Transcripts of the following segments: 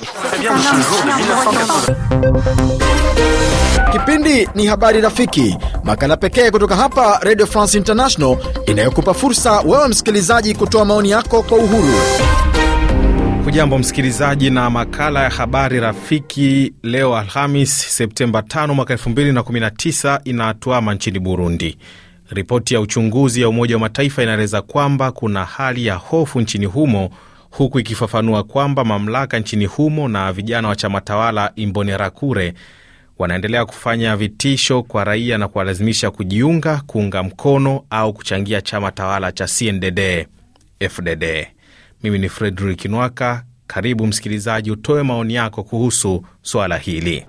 Très bien, Kipindi ni Habari Rafiki, makala pekee kutoka hapa Radio France International inayokupa fursa wewe msikilizaji kutoa maoni yako kwa uhuru. Ujambo msikilizaji, na makala ya habari rafiki leo Alhamis Septemba 5 mwaka 2019 inatwama nchini Burundi. Ripoti ya uchunguzi ya Umoja wa Mataifa inaeleza kwamba kuna hali ya hofu nchini humo huku ikifafanua kwamba mamlaka nchini humo na vijana wa chama tawala Imbonerakure wanaendelea kufanya vitisho kwa raia na kuwalazimisha kujiunga, kuunga mkono au kuchangia chama tawala cha CNDD FDD. Mimi ni Fredrik Nwaka. Karibu msikilizaji, utoe maoni yako kuhusu suala hili.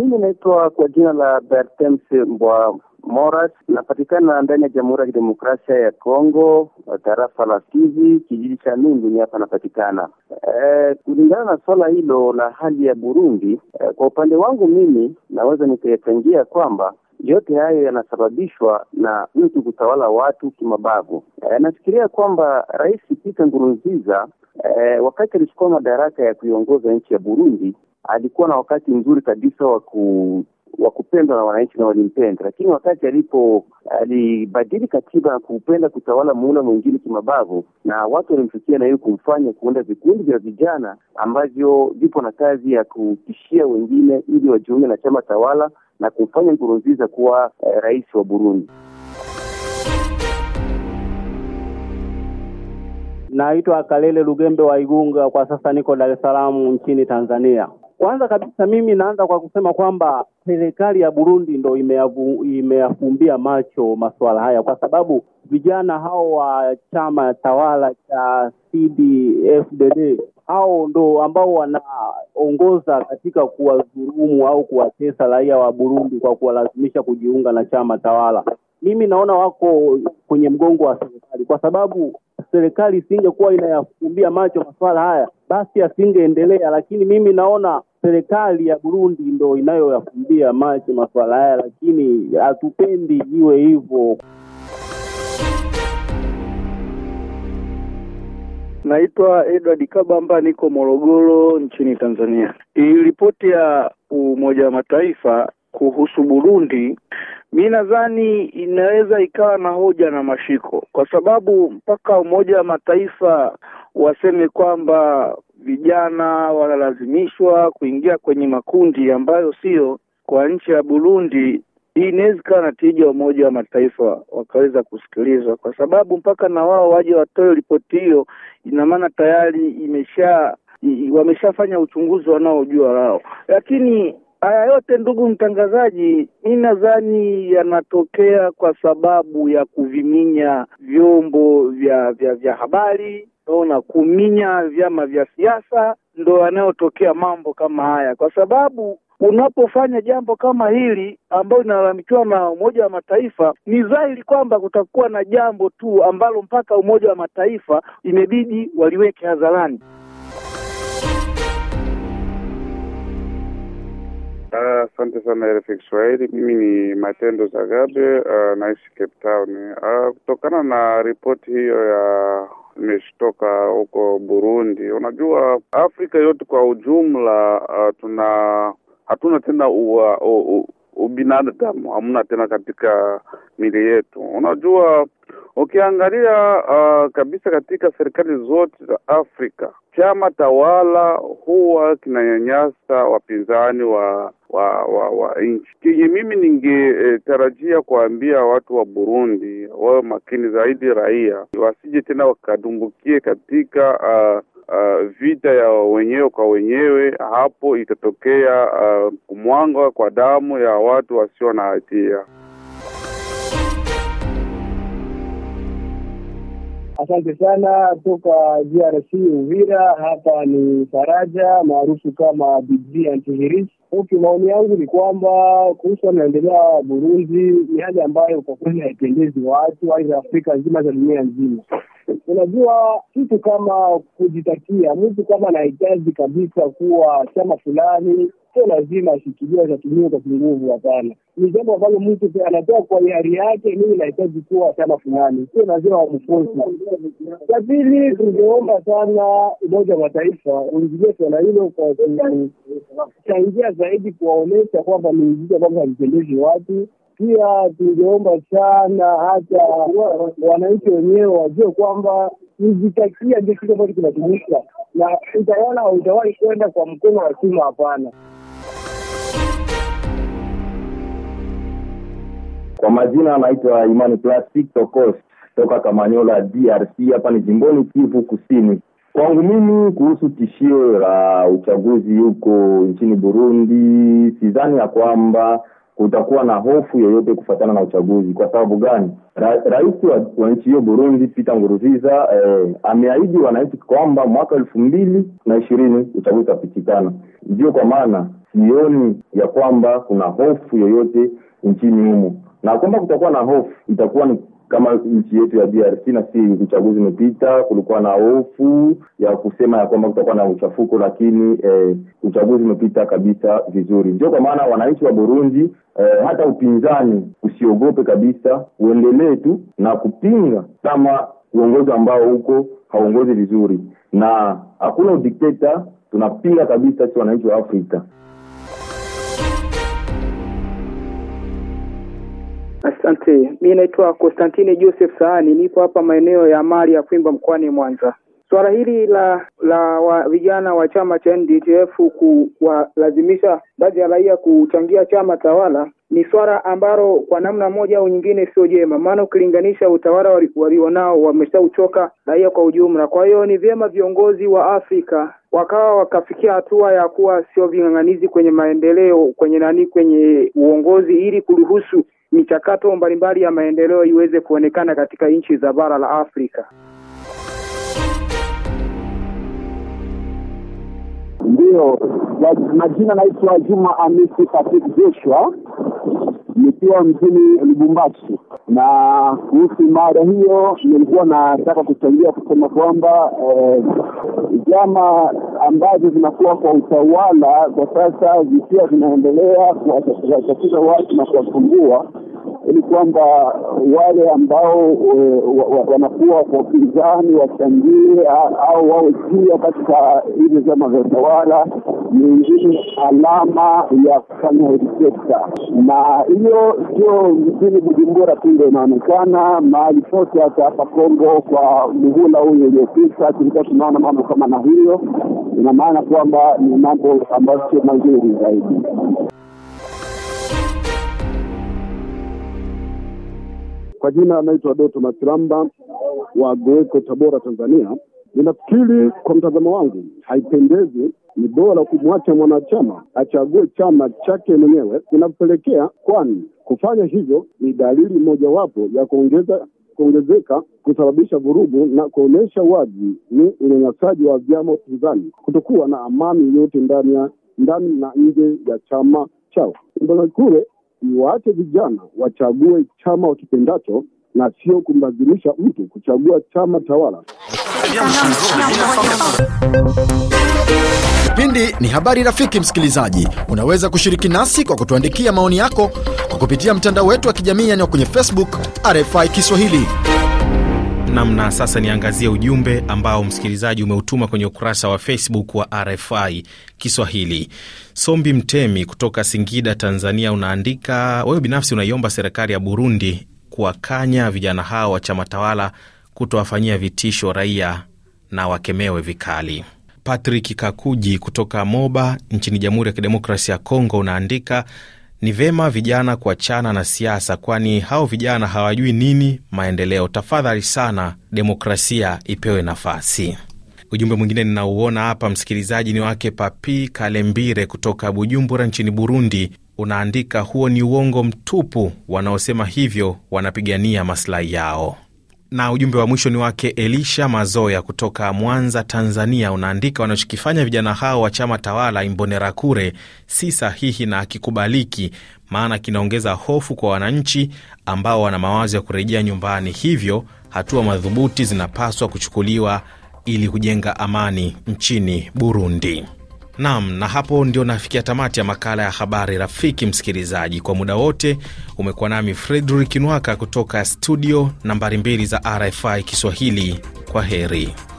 Mimi naitwa kwa jina la Bertemse Mbwa Morat. inapatikana ndani ya Jamhuri ya Kidemokrasia ya Kongo, tarafa la Fizi, kijiji cha Nundu ni hapa anapatikana. E, eh, kulingana na suala hilo la hali ya Burundi, e, kwa upande wangu mimi naweza nikayachangia kwamba yote hayo yanasababishwa na mtu kutawala watu kimabavu. E, nafikiria kwamba Rais Pierre Nkurunziza e, wakati alichukua madaraka ya kuiongoza nchi ya Burundi alikuwa na wakati mzuri kabisa wa ku wa kupendwa na wananchi na walimpenda, lakini wakati alipo alibadili katiba na kupenda kutawala muula mwingine kimabavu, na watu walimfikia na hiyo kumfanya kuunda vikundi vya vijana ambavyo vipo na kazi ya kutishia wengine ili wajiunge na chama tawala na kumfanya Nkurunziza kuwa eh, rais wa Burundi. Naitwa Kalele Lugembe wa Igunga, kwa sasa niko Dar es Salaam nchini Tanzania. Kwanza kabisa mimi naanza kwa kusema kwamba serikali ya Burundi ndo imeyafumbia macho masuala haya, kwa sababu vijana hao wa chama tawala cha CDFDD hao ndo ambao wanaongoza katika kuwadhulumu au kuwatesa raia wa Burundi kwa kuwalazimisha kujiunga na chama tawala. Mimi naona wako kwenye mgongo wa serikali, kwa sababu serikali isingekuwa inayafumbia macho masuala haya, basi asingeendelea. Lakini mimi naona serikali ya Burundi ndo inayoyafumbia macho masuala haya, lakini hatupendi iwe hivyo. Naitwa Edward Kabamba, niko Morogoro nchini Tanzania. Hii ripoti ya Umoja wa Mataifa kuhusu Burundi, mi nadhani inaweza ikawa na hoja na mashiko, kwa sababu mpaka Umoja wa Mataifa waseme kwamba vijana wanalazimishwa kuingia kwenye makundi ambayo sio kwa nchi ya Burundi. Hii inaweza ikawa na tija, Umoja wa Mataifa wakaweza kusikilizwa, kwa sababu mpaka na wao waje watoe ripoti hiyo, ina maana tayari imesha wameshafanya uchunguzi wanaojua lao Lakini haya yote, ndugu mtangazaji, mi nadhani yanatokea kwa sababu ya kuviminya vyombo vya vya, vya habari ona kuminya vyama vya siasa ndo yanayotokea mambo kama haya, kwa sababu unapofanya jambo kama hili ambayo linalalamikiwa na Umoja wa Mataifa, ni dhahiri kwamba kutakuwa na jambo tu ambalo mpaka Umoja wa Mataifa imebidi waliweke hadharani. Asante uh, sana RFI Kiswahili. Mimi ni Matendo Zagabe, uh, naishi Cape Town. Uh, kutokana na ripoti hiyo ya imeshitoka huko Burundi. Unajua Afrika yote kwa ujumla, uh, tuna hatuna tena ua, u, u, ubinadamu hamna tena katika mili yetu. Unajua Ukiangalia uh, kabisa katika serikali zote za Afrika, chama tawala huwa kinanyanyasa wapinzani wa wa wa, wa nchi. Kenye mimi ningetarajia e, kuambia watu wa Burundi wawe makini zaidi, raia wasije tena wakadumbukie katika uh, Uh, vita ya wenyewe kwa wenyewe, hapo itatokea uh, kumwanga kwa damu ya watu wasio na hatia. Asante sana toka DRC Uvira, hapa ni Faraja maarufu kama DJ Antivirus. Okay, maoni yangu ni kwamba kuhusu anaendelea Burundi ni hali ambayo kwa kweli haipendezi watu aidha Afrika nzima za dunia nzima. Unajua, kitu kama kujitakia mtu kama anahitaji kabisa kuwa chama fulani sio lazima ashikiliwe atatumiwe kwa kinguvu. Hapana, ni jambo ambalo mtu anatoa kwa hiari yake, mimi nahitaji kuwa chama fulani, sio lazima wamfuza. Cha pili, tungeomba sana Umoja wa Mataifa uingilie swala hilo kwa kuchangia zaidi, kuwaonyesha kwamba ni vitu ambavyo watu pia tungeomba sana hata wananchi wenyewe wajue kwamba kujitakia ndio kitu ambacho kinatumika, na utawala hautawahi kwenda kwa mkono wa chuma. Hapana. Kwa majina anaitwa Imani Plastic Tokos toka Kamanyola, DRC. Hapa ni jimboni Kivu Kusini. Kwangu mimi kuhusu tishio la uchaguzi huko nchini Burundi, sidhani ya kwamba kutakuwa na hofu yoyote kufuatana na uchaguzi. Kwa sababu gani? Ra rais wa, wa nchi hiyo Burundi Pita Nguruziza eh, ameahidi wananchi kwamba mwaka elfu mbili na ishirini uchaguzi utapitikana. ndio kwa maana sioni ya kwamba kuna hofu yoyote nchini humo na kwamba kutakuwa na hofu itakuwa ni kama nchi yetu ya DRC na si uchaguzi umepita, kulikuwa na hofu ya kusema ya kwamba kutakuwa na uchafuko, lakini eh, uchaguzi umepita kabisa vizuri. Ndio kwa maana wananchi wa Burundi eh, hata upinzani usiogope kabisa, uendelee tu na kupinga kama uongozi ambao huko hauongozi vizuri, na hakuna udikteta. Tunapinga kabisa si wananchi wa Afrika. Asante, mi naitwa Konstantine Joseph Sahani, nipo hapa maeneo ya mali ya Kwimba mkoani Mwanza. Swala hili la la wa, vijana wa chama cha NDTF kuwalazimisha baadhi ya raia kuchangia chama tawala ni swala ambalo kwa namna moja au nyingine sio jema, maana ukilinganisha utawala walionao wameshauchoka raia kwa ujumla. Kwa hiyo ni vyema viongozi wa Afrika wakawa wakafikia hatua ya kuwa sio ving'ang'anizi kwenye maendeleo, kwenye nani, kwenye uongozi ili kuruhusu michakato mbalimbali ya maendeleo iweze kuonekana katika nchi za bara la Afrika. Ndiyo, majina naitwa Juma Amisi Patrick Joshua, nikiwa mjini Lubumbashi. Na kuhusu mada hiyo, nilikuwa nataka kuchangia kusema kwamba eh, jama ambazo zinakuwa kwa utawala kwa sasa zikiwa zinaendelea kuwatatiza watu na kuwasumbua ni kwamba wale ambao eh, wanakuwa kwa upinzani wachangie au wawe pia katika hivyo vyama vya utawala, ni alama ya kufanya udikteta, na hiyo sio mjini Bujumbura tu inaonekana, mahali pote, hata hapa Kongo. Kwa muhula huyu uliopita tulikuwa tunaona mambo kama na hiyo, ina maana kwamba ni mambo ambayo sio mazuri zaidi. Kwa jina anaitwa Doto Masilamba wa Goeko, Tabora, Tanzania. Ninafikiri kwa mtazamo wangu, haipendezi. Ni bora kumwacha mwanachama achague chama chake mwenyewe inapelekea, kwani kufanya hivyo ni dalili mojawapo ya kuongeza kuongezeka kusababisha vurugu na kuonyesha wazi ni unyanyasaji wa vyama pinzani, kutokuwa na amani yote ndani ya ndani na nje ya chama chao. Mbalakure iwaache vijana wachague chama wakipendacho na sio kumlazimisha mtu kuchagua chama tawala. Kipindi ni habari. Rafiki msikilizaji, unaweza kushiriki nasi kwa kutuandikia maoni yako kwa kupitia mtandao wetu wa kijamii, yaani kwenye Facebook RFI Kiswahili namna. sasa niangazie ujumbe ambao msikilizaji umeutuma kwenye ukurasa wa Facebook wa RFI Kiswahili. Sombi Mtemi kutoka Singida, Tanzania, unaandika wewe binafsi unaiomba serikali ya Burundi kuwakanya vijana hao wa chama tawala kutowafanyia vitisho raia na wakemewe vikali. Patrick Kakuji kutoka Moba nchini Jamhuri ya Kidemokrasia ya Kongo unaandika ni vema vijana kuachana na siasa, kwani hao vijana hawajui nini maendeleo. Tafadhali sana, demokrasia ipewe nafasi. Ujumbe mwingine ninauona hapa, msikilizaji, ni wake Papi Kalembire kutoka Bujumbura nchini Burundi. Unaandika, huo ni uongo mtupu, wanaosema hivyo wanapigania masilahi yao na ujumbe wa mwisho ni wake Elisha Mazoya kutoka Mwanza, Tanzania. Unaandika, wanachokifanya vijana hao wa chama tawala Imbonerakure si sahihi na hakikubaliki, maana kinaongeza hofu kwa wananchi ambao wana mawazo ya kurejea nyumbani. Hivyo hatua madhubuti zinapaswa kuchukuliwa ili kujenga amani nchini Burundi. Naam, na hapo ndio nafikia tamati ya makala ya habari rafiki. Msikilizaji, kwa muda wote umekuwa nami Fredrik Nwaka kutoka studio nambari mbili za RFI Kiswahili. Kwa heri.